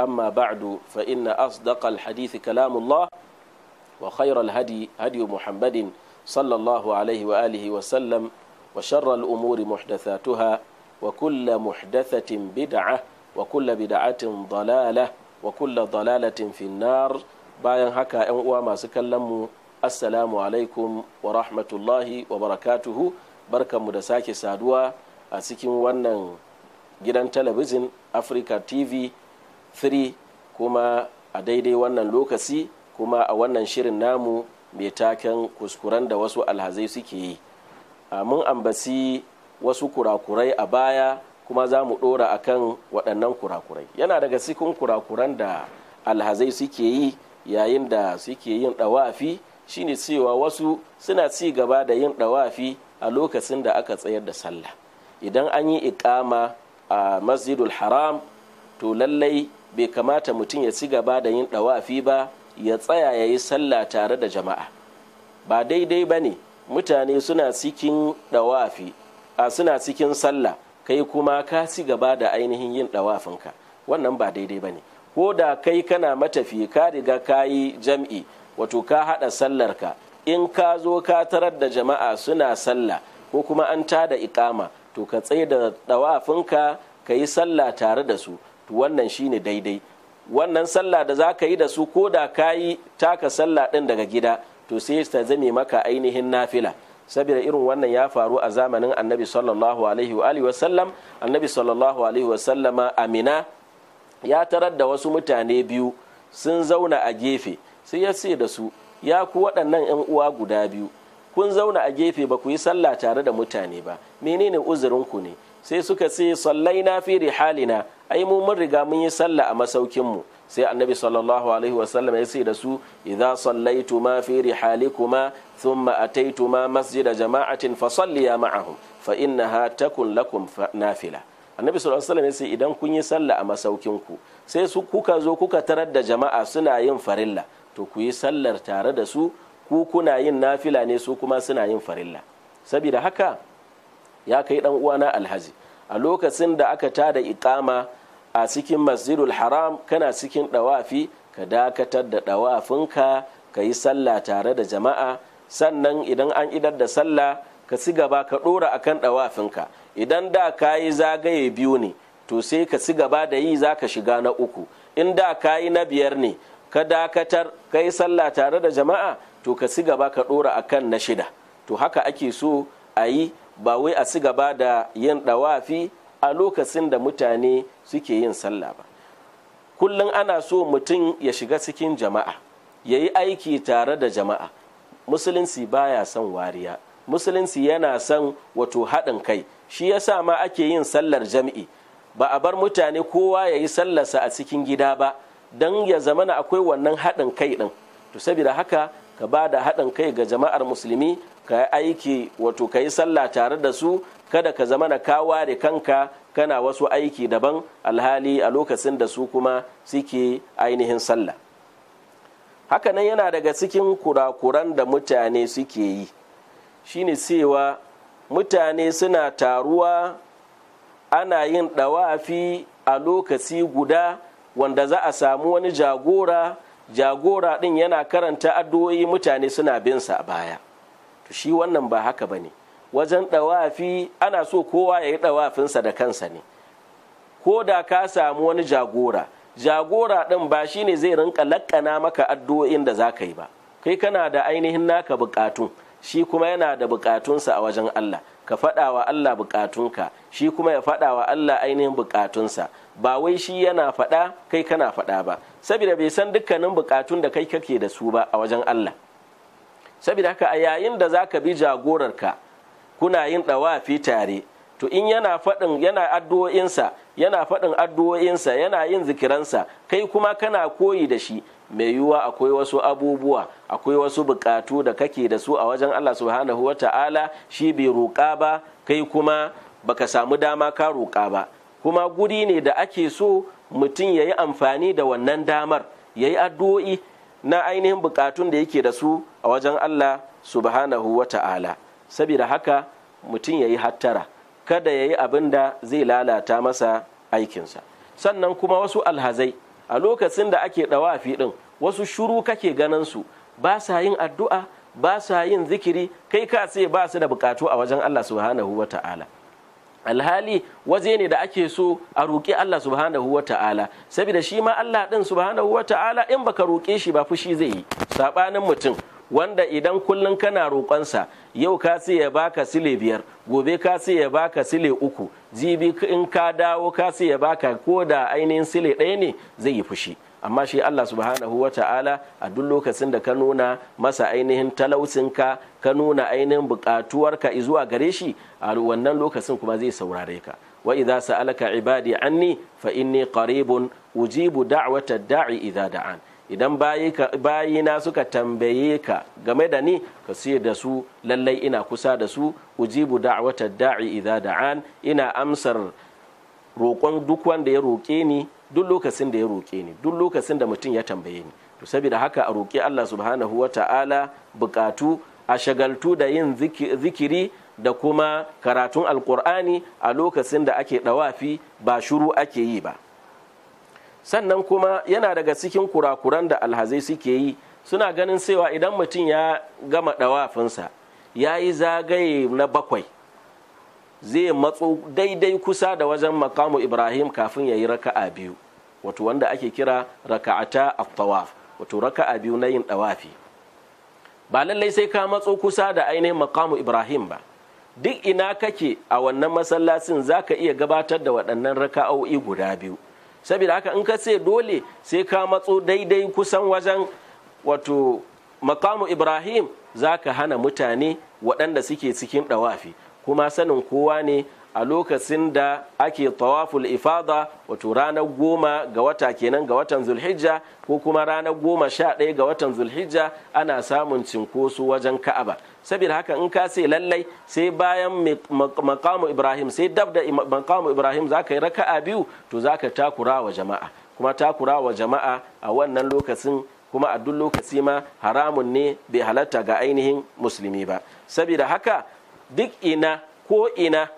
أما بعد فإن أصدق الحديث كلام الله وخير الهدي هدي محمد صلى الله عليه وآله وسلم وشر الأمور محدثاتها وكل محدثة بدعة وكل بدعة ضلالة وكل ضلالة في النار bayan haka 'yan uwa masu kallon mu assalamu alaikum wa rahmatullahi wa barakatuhu barkanmu da sake saduwa a cikin wannan gidan talabijin africa tv 3 kuma a daidai wannan lokaci kuma a wannan shirin namu mai taken kuskuren da wasu alhazai suke yi mun ambaci wasu kurakurai a baya kuma za mu ɗora a kan waɗannan kurakurai yana daga cikin kurakuran da alhazai suke yi yayin da suke yin ɗawafi shine cewa wasu suna ci gaba da yin ɗawafi a lokacin da aka tsayar da sallah idan an yi iƙama a masjidul haram to lallai bai kamata mutum ya ci gaba da yin ɗawafi ba ya tsaya ya yi sallah tare da jama'a ba daidai ba ne mutane suna cikin ɗawafi a suna cikin sallah kai kuma ka ci gaba da ainihin yin ɗawafinka wannan ba daidai ba ne ko da kai kana matafi ka riga ka yi jam'i wato ka haɗa sallarka in ka zo ka tarar da jama'a suna sallah ko kuma an tada iƙama to ka tsaye da ɗawafinka ka yi sallah tare da su to wannan shine daidai wannan sallah da za ka yi da su ko da ka yi taka sallah ɗin daga gida to sai ta zame maka ainihin nafila saboda irin wannan ya faru a zamanin annabi sallallahu alaihi wa alihi wasallam annabi sallallahu alaihi wasallama amina ya tarar da wasu mutane biyu sun zauna a gefe sai ya ce da su ya ku waɗannan 'yan uwa guda biyu kun zauna a gefe ba ku yi sallah tare da mutane ba menene uzurinku ne sai suka ce sallai na fi rihalina ai mu mun riga mun yi sallah a masaukin mu sai annabi sallallahu alaihi wasallam ya ce da su idza ma fi rihalikuma thumma ma masjida jama'atin fa salliya ma'ahum fa innaha takun lakum nafila annabi sallallahu alaihi wasallam ya ce idan kun yi sallah a masaukin ku sai su kuka zo kuka tarar da jama'a suna yin farilla to ku yi sallar tare da su ku kuna yin nafila ne su kuma suna yin farilla saboda haka ya kai dan uwana alhaji a lokacin da aka tada iqama a cikin masjidul haram kana cikin dawafi ka dakatar da dawafinka ka yi sallah tare da jama'a sannan idan an idar da sallah ka ci gaba ka dora akan dawafinka idan da ka yi zagaye biyu ne to sai ka ci gaba da yi za ka shiga na uku in da ka yi na biyar ne ka dakatar ka yi sallah tare da jama'a to ka ci gaba ka dora akan na shida to haka ake so a yi ba wai a ci gaba da yin dawafi a lokacin da mutane suke yin sallah ba kullum ana so mutum ya shiga cikin jama'a ya yi aiki tare da jama'a musulunci baya son wariya musulunci yana son wato haɗin kai shi yasa ma ake yin sallar jam'i ba a bar mutane kowa ya yi sallarsa a cikin gida ba don ya zamana akwai wannan haɗin kai ɗin to saboda haka ka ba da haɗin kai ga jama'ar musulmi ka aiki wato ka yi sallah tare da su kada ka zama na kawa da kanka kana wasu aiki daban alhali a lokacin da su kuma suke ainihin sallah hakanan yana daga cikin kurakuran da mutane suke yi shine cewa mutane suna taruwa ana yin ɗawafi a lokaci guda wanda za a samu wani jagora jagora ɗin yana karanta addu'o'i mutane suna binsa a baya shi wannan ba haka ba ne wajen ɗawafi ana so kowa ya yi ɗawafinsa da kansa ne ko da ka samu wani jagora jagora ɗin ba shi ne zai rinka lakkana maka addu'o'in da za ka yi ba kai kana da ainihin naka buƙatun shi kuma yana da buƙatunsa a wajen Allah ka faɗa wa Allah buƙatunka shi kuma ya faɗa wa Allah ainihin buƙatunsa ba wai shi yana faɗa kai kana faɗa ba saboda bai san dukkanin buƙatun da kai kake da su ba a wajen Allah saboda haka a yayin da za ka bi jagorarka kuna yin ɗawafi tare to in yana faɗin yana addu'o'insa yana faɗin addu'o'insa yana yin zikiransa kai kuma kana koyi da shi mai yiwuwa akwai wasu abubuwa akwai wasu buƙatu da kake da su a wajen Allah subhanahu wa ta'ala shi bai roƙa ba kai kuma baka samu dama ka roƙa ba kuma guri ne da ake so mutum ya yi amfani da wannan damar ya yi addu'o'i na ainihin bukatun da yake da su a wajen Allah subhanahu wa ta'ala saboda haka mutum ya yi hattara kada ya yi abin da zai lalata masa aikinsa sannan kuma wasu alhazai a lokacin da ake ɗawafi fiɗin, wasu shuru kake ganin su ba sa yin addu'a ba sa yin zikiri kai ka sai ba su da bukatu a wajen Allah subhanahu wa ta'ala alhali waje ne da ake so a roƙi Allah subhanahu wa ta'ala saboda shi ma Allah din subhanahu wa ta'ala in baka roƙe shi ba fushi zai yi saɓanin mutum wanda idan kullum kana roƙonsa yau ka sai ya baka sile biyar gobe ka sai ya baka sile uku jibi in ka dawo ka sai ya baka ko da ainihin sile ɗaya ne zai yi fushi amma shi Allah subhanahu wa ta'ala a duk lokacin da ka nuna masa ainihin talausinka ka nuna ainihin buƙatuwarka zuwa gare shi a wannan lokacin kuma zai saurare ka wa idza sa'alaka ibadi anni fa inni qaribun ujibu da'wata da'i idza da'an idan bayina suka tambaye ka game da ni ka siya da su lallai ina kusa da su ujibu da'wata da'i idza da'an ina amsar roƙon duk wanda ya roƙe ni duk lokacin da ya roƙe ni duk lokacin da mutum ya tambaye ni to saboda haka a roƙi Allah subhanahu wa ta'ala buƙatu a shagaltu da yin zikiri da kuma karatun alkur'ani a lokacin da ake ɗawafi ba shuru ake yi ba sannan kuma yana daga cikin kurakuran da alhazai suke yi suna ganin cewa idan mutum ya gama ɗawafinsa ya yi zagaye na bakwai zai matso daidai kusa da wajen makamu ibrahim kafin ya yi raka'a biyu wato wanda ake kira raka'ata at-tawaf wato raka'a biyu na yin ɗawafi ba lallai sai ka matso kusa da ainihin makamu ibrahim ba duk ina kake a wannan masallacin za ka iya gabatar da waɗannan raka'o'i guda biyu saboda haka in ka ce dole sai ka matso daidai kusan wajen wato makamu ibrahim za ka hana mutane waɗanda suke cikin ɗawafi kuma sanin kowa ne a lokacin da ake tawaful ifada wato ranar goma ga wata kenan ga watan zulhijja ko kuma ranar goma sha ɗaya ga watan zulhijja ana samun cinkoso wajen ka'aba saboda haka in ka sai lallai sai bayan makamu ibrahim sai dab da makamu ibrahim za ka yi raka'a biyu to za ka takura wa jama'a kuma takura wa jama'a a wannan lokacin kuma a duk lokaci ma haramun ne bai halatta ga ainihin musulmi ba saboda haka duk ina ko ina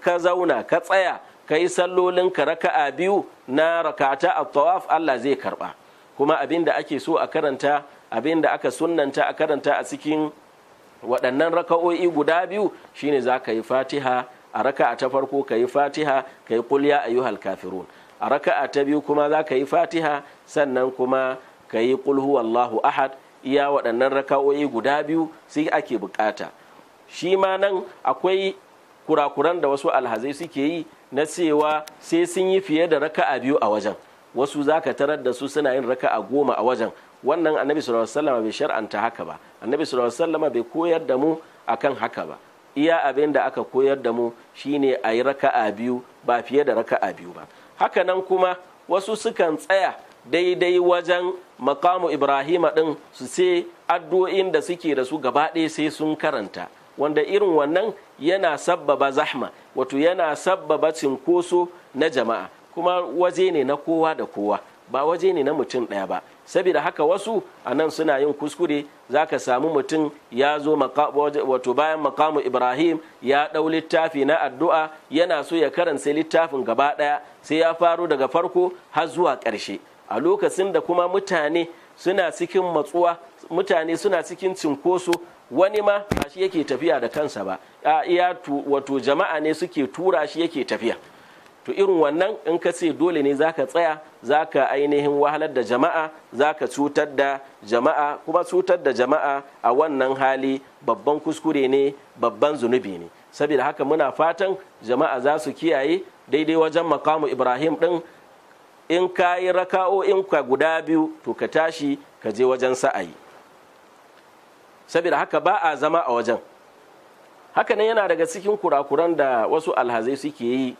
ka zauna ka tsaya ka yi sallolin ka raka'a biyu na rakata a tawaf Allah zai karba kuma abin da ake so a karanta abin da aka sunanta a karanta a cikin waɗannan raka'o'i guda biyu shine za ka yi fatiha a raka'a ta farko ka yi fatiha ka yi kulya yuhal kafirun a raka'a ta biyu kuma za ka yi fatiha sannan kuma ka yi kulhu wallahu ahad iya waɗannan raka'o'i guda biyu sai ake bukata shi ma nan akwai kurakuran da wasu alhazai suke yi na cewa sai sun yi fiye da raka'a biyu a wajen wasu za ka tarar da su suna yin raka'a goma a wajen wannan annabi sallallahu alaihi wasallam bai shar'anta haka ba annabi sallallahu alaihi wasallam bai koyar da mu akan haka ba iya abin da aka koyar da mu shine a yi raka'a biyu ba fiye da raka'a biyu ba haka nan kuma wasu sukan tsaya daidai wajen makamu ibrahima din su sai addu'o'in da suke da su gaba ɗaya sai sun karanta wanda irin wannan yana sabbaba zahma wato yana sabbaba cinkoso na jama'a kuma waje ne na kowa da kowa ba waje ne na mutum ɗaya ba saboda haka wasu a nan suna yin kuskure za ka samu mutum ya zo wato bayan makamu ibrahim ya ɗau littafi na addu'a yana so ya karanta littafin gaba ɗaya sai ya faro daga farko har zuwa ƙarshe a lokacin da kuma mutane suna cikin matsuwa mutane suna cikin cinkoso wani ma ba shi yake tafiya da kansa ba iya wato jama'a ne suke tura shi yake tafiya to irin wannan in ka ce dole ne zaka tsaya zaka ainihin wahalar da jama'a zaka cutar da jama'a kuma cutar da jama'a a wannan hali babban kuskure ne babban zunubi ne saboda haka muna fatan jama'a za su kiyaye daidai wajen makamu ibrahim din in ka yi in ka guda biyu to ka tashi ka je wajen sa'ayi saboda haka ba a zama a wajen haka nan yana daga cikin kurakuran da wasu alhazai suke yi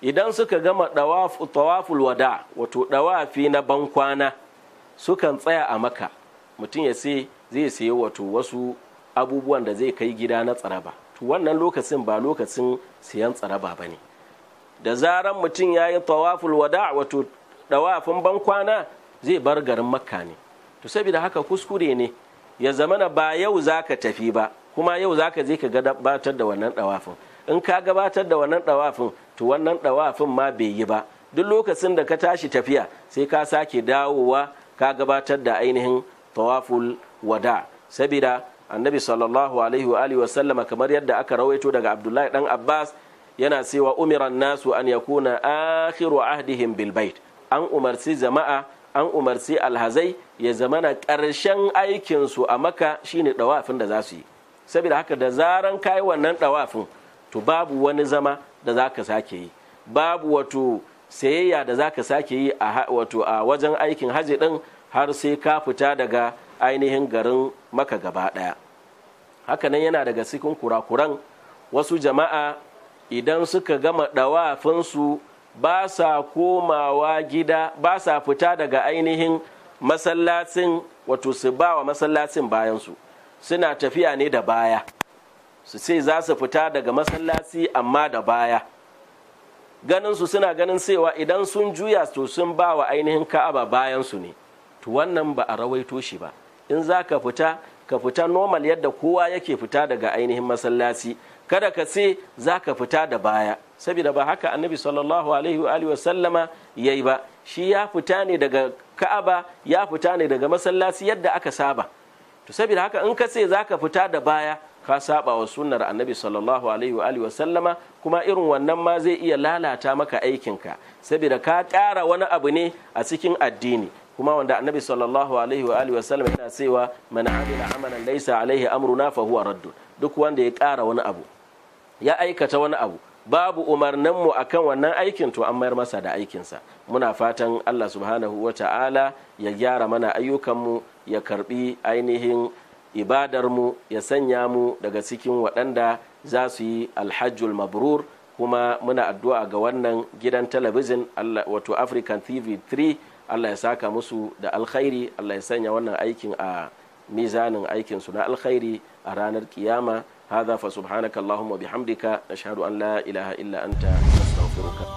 idan suka gama tawaful wada wato dawafi na bankwana sukan tsaya a maka mutum ya sai zai sayi wato wasu abubuwan da zai kai gida na tsaraba to wannan lokacin ba lokacin siyan tsaraba ba ne da zaran mutum ya yi tawaful wada wato dawafin bankwana zai bar garin makka ne to saboda haka kuskure ne ya zamana ba yau za ka tafi ba kuma yau za ka je ka gabatar da wannan dawafin in ka gabatar da wannan dawafin to wannan dawafin ma bai yi ba duk lokacin da ka tashi tafiya sai ka sake dawowa ka gabatar da ainihin tawaful wada sabida annabi sallallahu alaihi wa alihi wasallama kamar yadda aka rawaito daga abdullahi dan abbas yana cewa umiran nasu an yakuna akhiru ahdihim bil bait an umarci jama'a an umarci alhazai ya zama na ƙarshen aikinsu a maka shine ɗawafin da za su yi saboda haka da zaran kayi wannan ɗawafin to babu wani zama da za ka sake yi babu wato sayayya da za ka sake yi a wato a wajen aikin haji ɗin har sai ka fita daga ainihin garin maka gaba ɗaya hakanan yana daga cikin kurakuran wasu jama'a idan suka gama ɗawafinsu ba sa komawa gida ba sa fita daga ainihin masallacin wato su ba wa masallacin bayansu suna tafiya ne da baya su ce za su fita daga masallaci amma da baya ganinsu suna ganin cewa idan sun juya to sun ba wa ainihin ka'aba bayansu ne to wannan ba a rawaito shi ba in za ka fita ka fita normal yadda kowa yake fita daga ainihin masallaci kada ka ce za ka fita da baya saboda ba haka annabi sallallahu alaihi wa alihi wasallama ya yi ba shi ya fita ne daga ka'aba ya fita ne daga masallaci yadda aka saba to saboda haka in ka ce za ka fita da baya ka saba wa sunnar annabi sallallahu alaihi wa alihi wasallama kuma irin wannan ma zai iya lalata maka aikinka saboda ka ƙara wani abu ne a cikin addini kuma wanda annabi sallallahu alaihi wa alihi yana cewa man amila amalan laysa alaihi amruna fa huwa raddun duk wanda ya ƙara wani abu ya aikata wani abu babu umarninmu a kan wannan aikin to an mayar masa da aikinsa muna fatan allah subhanahu wa ta'ala ya gyara mana ayyukanmu ya karbi ainihin ibadarmu ya sanya mu daga cikin waɗanda za su yi alhajjul mabrur kuma muna addu'a ga wannan gidan talabijin wato african tv 3 allah ya saka musu da alkhairi allah ya sanya wannan aikin a mizanin aikinsu na alkhairi a ranar kiyama hadha fa subhanaka allahumma bihamdika nashhadu an la ilaha illa anta nastaghfiruka